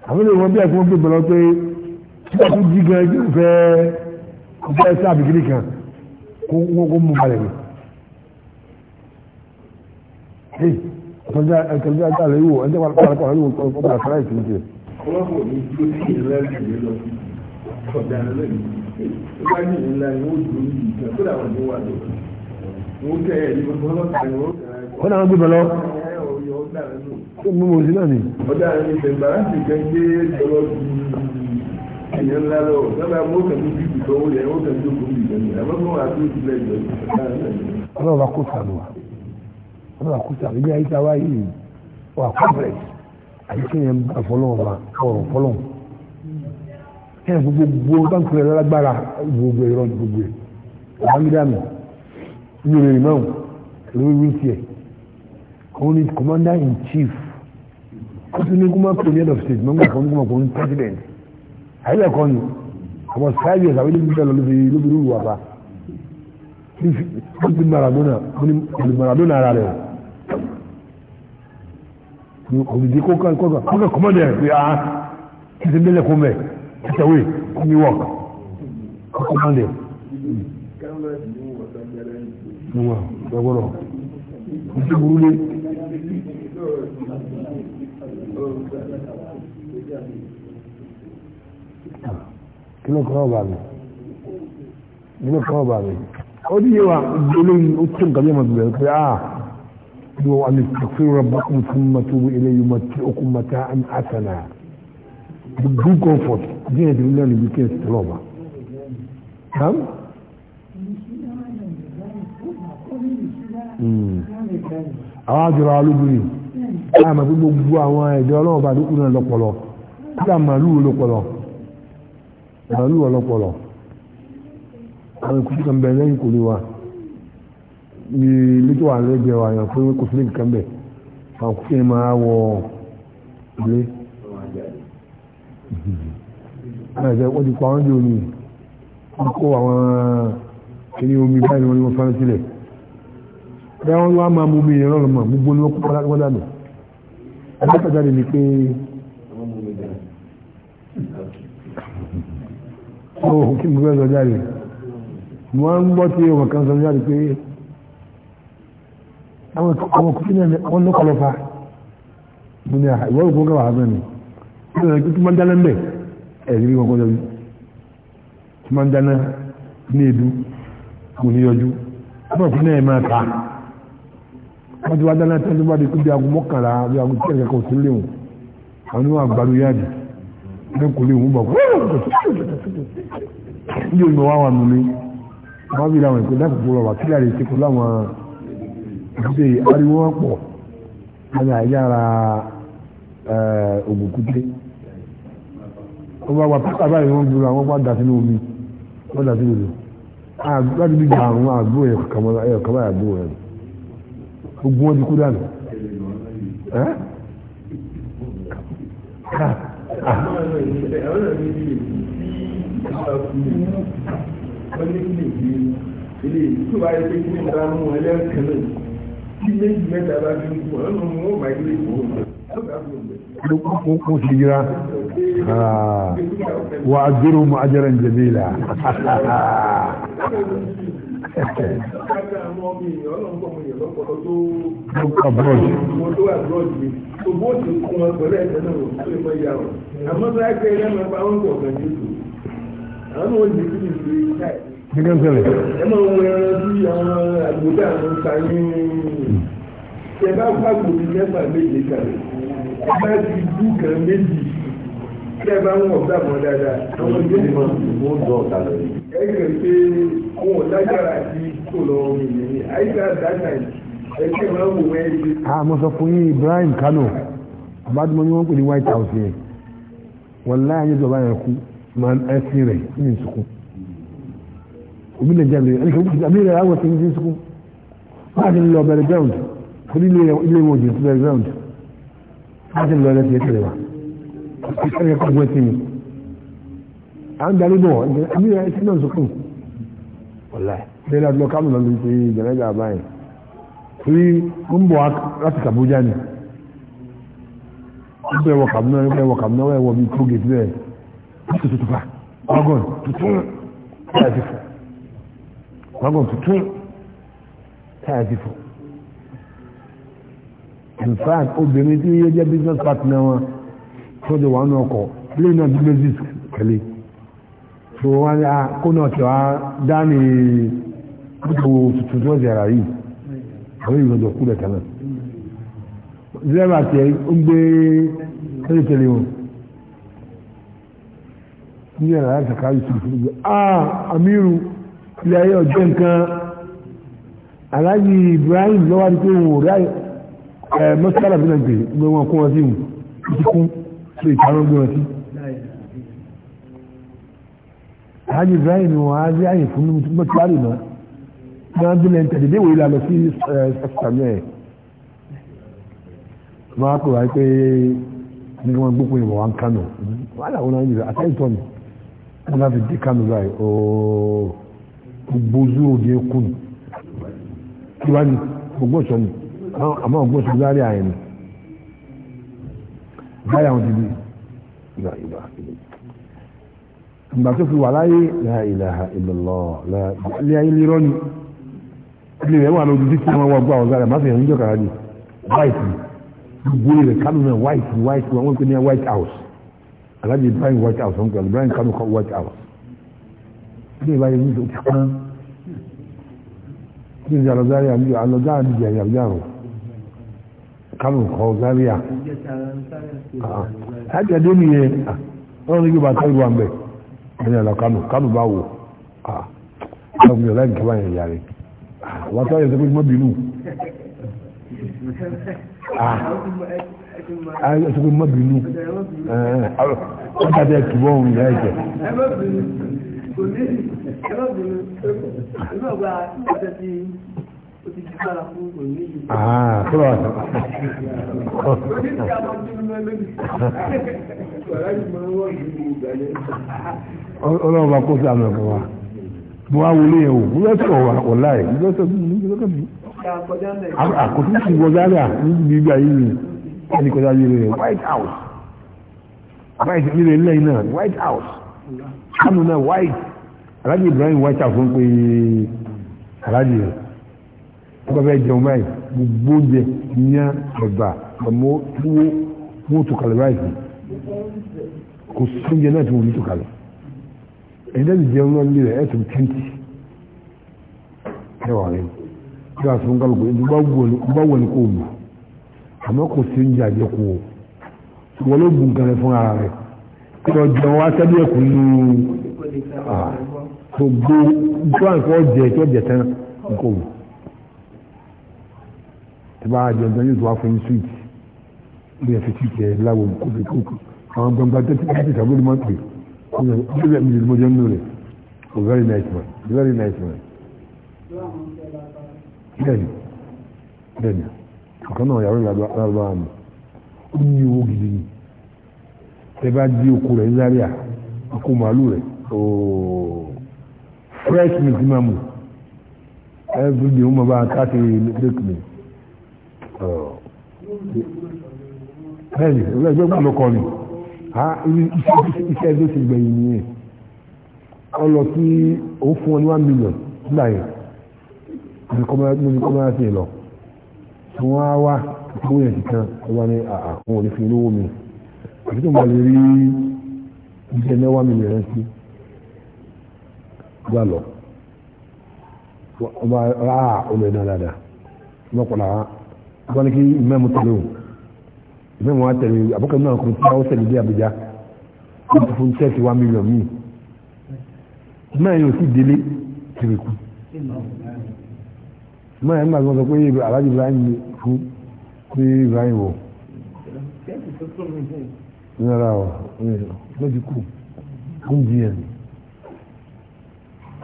àwọn ilé wọn bí ẹ̀kọ́ gbé bọ́lọ́ pé tí wọ́n tún jí gan ẹgbẹ́ fẹ́ ọjọ́ ẹsẹ̀ àbíkíní kan kó mú balẹ̀ mi. ọ̀tọ̀jọ́ ajá rẹ̀ wò ẹjẹ́ wà lọ́pàá kan lọ́wọ́ ọ̀pọ̀ àṣàrà ìsìn tiẹ̀. ọlọ́pàá ní dúró sí ìrẹ́lẹ̀ mi lọ ọ̀dà wọ́n náà gbé bẹ̀lọ́ mú mú sí náà ni. ọ̀dà ni bẹ̀mbàrà ti kẹ́ gbé lọ́lọ́ ju ẹ̀yẹ ńlá lọ sábà mú kàdú bí ìtọ́ ó yẹ ó kàdú kó bí ìtọ́ ni àmọ́ fún wa tó ti bẹ̀ jọ. ọlọ́run bá kó sànù wa ọlọ́run bá kó sànù ilé ayé tá yìí wà kọ́pẹ̀rẹ̀tì àyíké yẹn bá fọlọ́wọ́ bá ọ̀rọ̀ fọlọ́wọ́ kẹ́hìn gbogbo gbogbo báńkì rẹ̀ lágbára gbogbo ìrọ̀ gbogbo ìrọ̀ ní olè imam lórí wíńtì ẹ̀ òun ni commander in chief ó tún ní kúmọ̀ pé of state mọ́ngà kan ní kúmọ̀ pé òun president àyílẹ̀ kan ni about five years àwọn ilé ìgbẹ́ lọ lóbi lóbi lóbi wà bá ó ti Maradona ó ní Maradona ara rẹ̀ olùdí kókà kókà kókà commander ẹ̀ pé ah kí ti mẹ́lẹ̀ kó mẹ́ kí tẹ̀wé kó mi work kó commander gbogbo gbogbo ojú burú lé. kí ló kọ́ ọba mi kí ló kọ́ ọba mi ó ní yẹwà gbólóyìn ó tún nǹkan bí ọmọ bìbẹ̀ pé a bí wọ́n ní kàfíìn rabbakum thumma tubu ilayhi yumatti'ukum mata'an hasana the good comfort díẹ̀ díẹ̀ lẹ́nu bí kí n sọ̀rọ̀ ọba. àwọn àjọrò alóbìnrin láàmà pé gbogbo àwọn ẹ̀jọ́ ọlọ́wọ́ bá dúkùn náà lọ́pọ̀lọ́ kódà màálù lọ́pọ̀lọ́ màálù lọ́pọ̀lọ́ àwọn ìkùsù kan bẹ lẹ́yìn kò ní wa ní létò wà lẹ́gbẹ̀ẹ́ wa yàn fún kò sí lẹ́gbẹ̀ẹ́ kan bẹ̀ àwọn kùsù yẹn máa wọ ilé ẹ̀jẹ̀ wọ́n ti pa wọ́n jẹ́ omi wọ́n kó àwọn kìnìún omi báyìí ni wọ́n ní wọ́n fẹ́ràn sílẹ̀ bẹ́ẹ̀ wọ́n wá máa mú mi ìran ọ̀rọ̀ mọ̀ gbogbo ni wọ́n kó pátá wọ́n dànù alákàtàdé ni pé ó oh, kí mo fẹ́ sọ jáde wọ́n ń gbọ́ tí èèwọ̀ kan sọ jáde pé àwọn kòkí náà wọ́n ló kọlọ fa mo ní ah, ìwọ́ òkú kọ́ wàhálà mi ní èdú mo ní yọjú wọ́n kò náà máa ta wọ́n ti wá dáná tẹ́lẹ̀ tó bá di kú bí aago mọ́kànlá bí aago tí ẹ̀kẹ́kọ̀ọ́ sí léwu àwọn onímọ̀ àgbàdo yáàdì ẹ̀ kò léwu bọ̀ ní omi wá wà nulẹ̀ wọ́n bí làwọn ìpínlẹ̀ kòkó lọ́wọ́ kílẹ̀ rẹ̀ ti kó láwọn ìdílé ariwo wọn pọ̀ wọn àyàrá eh, ògùnkúté wọ́n bá wà pátá báyìí wọ́n dúró àwọn bá dà sínú omi wọ́n dà sínú omi àgbàdo bí àgbò ẹ̀ kàmáyà gbogbo wọn ti kú dànù ilé tó bá yẹ pé kí ní ìta mú ẹlẹ́ẹ̀kan náà kí méjì mẹ́ta bá fi ń kú ọ̀nà mú ó máa gbé ìwò mo ti yira ah. wa ajiru mu ajaran jamila Gẹ́gẹ́ sẹ́lẹ̀. Ẹ máa ń wọ ẹran bí àwọn àgbòdà àwọn sáyé ṣe bá gbàgbọ́ ní mẹ́fà méje kàlẹ̀. Ẹ bá ti dú kan méjì. Ṣé ẹ bá ń wọ̀ dáàbò dáadáa? Àwọn ìgbésẹ̀ máa ń dùn mọ́ ọ̀dọ́ ọ̀tà lọ́yìn ẹgbẹ́ pé wọn ò dájára sí kò lọ òmìnir ní àìsà dájà Ibrahim Kano àbádùmọ̀ ni wọ́n pè ní White House yẹn wọ́n láyé ní ìjọba yẹn kú máa ń ẹsìn rẹ̀ ní ìsìnkú òbí nàìjíríà lè ẹnì kan kú àbí rẹ̀ àwọn ẹsìn ní ìsìnkú máa ti lọ bẹ̀rẹ̀ ground fún ilé ilé wọn jù bẹ̀rẹ̀ ground máa ti lọ ẹlẹ́sìn ẹ̀tẹ̀rẹ̀ wa ẹ̀ka ẹ̀ka ẹ̀sìn mi à ń darí bọ̀ ẹbí ẹ ti náà sọkùn ọ̀la ṣe láti lọ kámù lọ́dún ti jẹ̀nẹ́gà báyìí torí ń bọ̀ láti kàbújá ni ó bẹ̀ wọ kàbúná ó bẹ̀ wọ kàbúná ó wọ bí tó gèdè bẹ́ẹ̀ láti tuntun pa wagon tuntun táyà ti fò wagon tuntun táyà ti fò in fact obìnrin tí yóò jẹ́ business partner wọn tó jọ wà nù ọkọ̀ plane náà dúró disk kẹ́lẹ́ so wọ́n yá ah, kó náà tí wọ́n dá ní gbogbo tuntun tí wọ́n jẹ́ra yìí àwọn ìrọ̀jọ̀ kú lẹ̀kan náà dírẹ́bà tí ó ń gbé tẹ́lẹ̀ tẹ́lẹ̀ wọn ní ẹ̀rọ láti ṣàkáyì sí ìfúrúgbẹ́ ah amíru ilé ayé ọjọ́ nǹkan aláàjì Ibrahim lọ́wọ́ ní pé òun ò ẹ̀ mọ́sálà bí náà wọn kó wọn sí ìwọ̀n ìtìkún sí ìtàrọ̀ wọn sí alhaji ibrahim wọn á rí àyè fún mi tó gbọ́dọ̀ parí mọ́ náà bí lẹ́yìn tẹ̀lé déwòye la lọ sí sàmì ẹ̀ máa kó wáyé pé ní kí wọ́n gbókun ìwọ̀ wọn kánò wọ́n làwọn náà yìí àtẹ́yìntọ́ ni wọ́n láti dé kánò báyìí ooo gbogbo zúrò di ekun kí wá ní gbogbo ọ̀sọ́ ni àmọ́ gbogbo ọ̀sọ́ láàrin àyẹ̀ ni báyà wọn ti bí ìgbà ìgbà ìgbà ìgbà tó fi wà láyé la ilaha illallah ilé ayé lérọ́ ni ilé rẹ̀ wà lójú títí wọn wọ́n gbọ́ àwọn ọ̀gá rẹ̀ má fi hàn níjọ́ kàrà ni white gbogbo rẹ̀ kánú náà white white wọn pè ní white house alájẹ ibrahim white house wọn pè ní ibrahim kánú kọ white house ilé ìbáyé ní ìṣòkè kan ní ìjà lọ́dárí àbí àlọ́dárí àbí ìjà ìjà rò kánú kọ záríà àjàdé nìyẹn wọ́n ní kí bàtà ìwà mbẹ́ ẹni ọ̀la kánò kánò bá wò ah ọkùnrin ọ̀la nìkan báyìí ìyá rẹ̀ wọ́n tó yẹ sẹ́kùn mọ́bìnú ah ayé sẹ́kùn mọ́bìnú ọ̀tá tẹ tùbọ̀ òun ìyá ẹ̀jẹ̀. ẹ má bínú ẹ má bínú ẹ má bínú ẹ má bínú ẹ má bínú Ah, pronto. Ọlọ́run bá kó sí àmì ọ̀pọ̀ wa. Mo wá wọlé yẹn o, mo yẹ sọ̀rọ̀ wa ọ̀la ẹ̀, mo yẹ sọ̀rọ̀ mi, mo yẹ sọ̀rọ̀ mi. Àkótó ti wọ Zaria níbi ibi ayé mi, ẹni kọjá yé rẹ̀ White House. White mi rẹ̀ lẹ́yìn náà White House. Kánú náà White. Aláàjì Ibrahim White House ń pè é Aláàjì wọ́n fẹ́ jẹun báyìí gbogbo oúnjẹ yíyan ẹ̀bà àmọ́ wó wó tòkàlẹ̀ báyìí kò sí oúnjẹ náà tí wọ́n ní tòkàlẹ̀ ẹ̀yin dẹ́bi jẹun náà nílẹ̀ ẹ̀ tó tẹ́ǹtì ẹ̀ wà rẹ̀ yóò àti fún kálukú ẹni bá wọ̀ ní kò mú àmọ́ kò sí oúnjẹ àjẹkù o wọ́n ló bùn fún ara rẹ̀ kí wọ́n jẹun wá sẹ́bí ẹ̀kú nù gbogbo gbogbo àǹkọ́ jẹ kí wọ́n tí bá yóò tó wá fún yín sweet bí ẹ fi tí kẹ láwo kókè kókè àwọn gbangba tẹ́tí tẹ́tí tàbí olùmọ̀ pè ọjọ́ bẹ́ẹ̀ mi lè mọ́jọ́ nínú rẹ̀ o oh, very nice man very nice man. bẹ́ẹ̀ni bẹ́ẹ̀ni ọ̀kan náà yàrá lárúbá àmì ó ní owó gidi ni tẹ bá di oko rẹ̀ Zaria oko màálù rẹ̀ ooo oh, fresh milk mamu every day ó mọ̀ bá a káàkiri milk mamu ẹ̀yìn ọlọ́jọ́ gbà ló kọ́ ni iṣẹ́ ẹgbẹ́ ti gbẹ̀yìn nìyẹn ọlọ tí ó fún ọ ní one million nígbà yẹn mo ní kọ́ máa ti lọ tí wọ́n á wá ìpínlẹ̀ yẹn ti kan wọ́n ní àwọn òní fi lówó mi àti tó máa lè rí iṣẹ́ mẹ́wàá mi rẹ̀ sí gbà lọ ọba ọlọ́ọ̀ ọmọ ẹ̀dá dáadáa ọmọkùnrin àwọn wọ́n ní kí ìmẹ́mu tẹ̀lé o ìmẹ́mu wa tẹ̀lé àbúkẹ́ náà kò tí a ó tẹ̀lé dé Àbújá wọ́n ti fún tẹ́ẹ̀tì one million míì mẹ́rin ò sì délé tìrì kú mẹ́rin nígbà tí wọ́n pé aláàjì Ibrahim fún pé Ibrahim wọ̀ nira o ló ti kú fún gm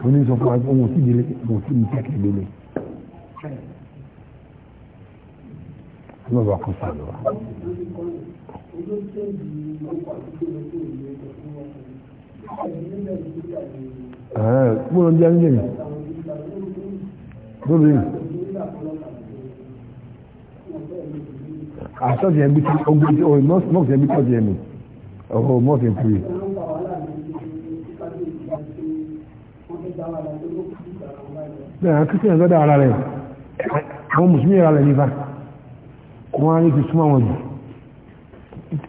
onísọ̀kọ̀ àti ohun òsì délé ohun òsì ní tẹ́kì délé ọmọ bá kó sànù wa. mo lọ bí ẹni lórí àtọ́jú ẹgbẹ́ tí ogun tí oyin mọ́ọ̀sì ẹgbẹ́ tọ́jú ẹ̀mí ọ̀hún mọ́ọ̀sì ẹ̀kúrẹ́. bẹ́ẹ̀ akíkẹ́ ẹ̀dọ́dọ̀ ara rẹ̀ àwọn mùsùlùmí ara rẹ̀ nípa wọ́n ní ti súnmọ́ wọn jù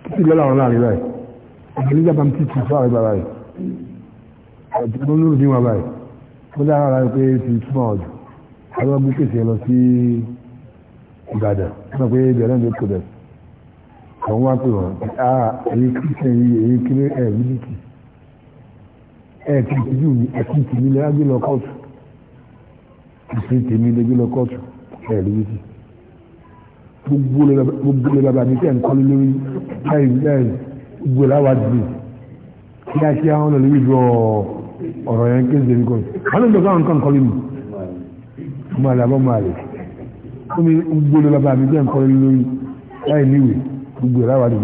títí lọ́la wọn láàrin báyìí àgbẹ̀lẹ́jà bá ń títí fún àwọn ìbára yìí àti wọn lórí bí wọn báyìí wọ́n dára ara pé ti súnmọ́ wọn jù àwọn ọgbẹ́ pèsè lọ sí Ìbàdàn wọ́n pé bẹ̀rẹ̀ ní kò bẹ̀rẹ̀ àwọn wá pè wọ́n a èyí kírísẹ̀ yìí èyí kéré ẹ̀ mílíkì ẹ̀ kì í ti jù ní ẹ̀kí tèmi lẹ́gbẹ́ lọ kóòtù ìsìn tèmi lẹ́gbẹ́ lọ kóòtù ẹ̀ mílíkì gbogbo lè bàbá mi tẹ̀ ń kọ́ lórí báyìí báyìí gbogbo làwà dì kí a ṣe àwọn olórí jọ ọ̀rọ̀ yẹn kéde ní kọ́ wọn lè dọ̀gá nǹkan kọ́ lórí mo àlè àbọ̀ mo àlè omi gbogbo lè bàbá mi tẹ̀ ń kọ́ lórí báyìí níwèé gbogbo làwà dì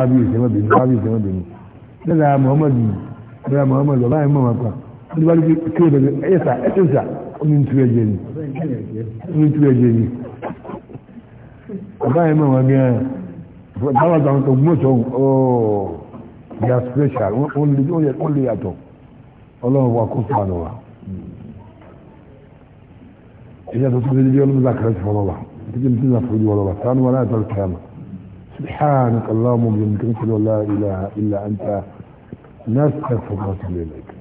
àbí ìṣẹ́mọ̀bìnú àbí ìṣẹ́mọ̀bìnú lẹ́la muhammadu lẹ́la muhammadu bàbá yẹn mọ̀ wọn pa wọ́n ti bá dé kí ó dẹ̀ ẹ̀yẹ́sà ẹ̀yẹ́sà omi ń tu ẹ̀jẹ̀ ni omi ń tu ẹ̀jẹ̀ ni báyìí mọ̀ wọ́n gẹ́ẹ̀ báwọn tó àwọn tó gbọ́n tó ooo ya special ó lè yàtọ̀ ọlọ́run wa kó fún àná wa ìyá tó tún lé ọlọ́run lákàrẹ́ sí fọlọ́wà títí ní sísà fún ìwọ̀n lọ́wọ́ sánú wọn láìpẹ́ kẹ́mà سبحانك اللهم وبحمدك لا اله الا انت نستغفرك ونتوب اليك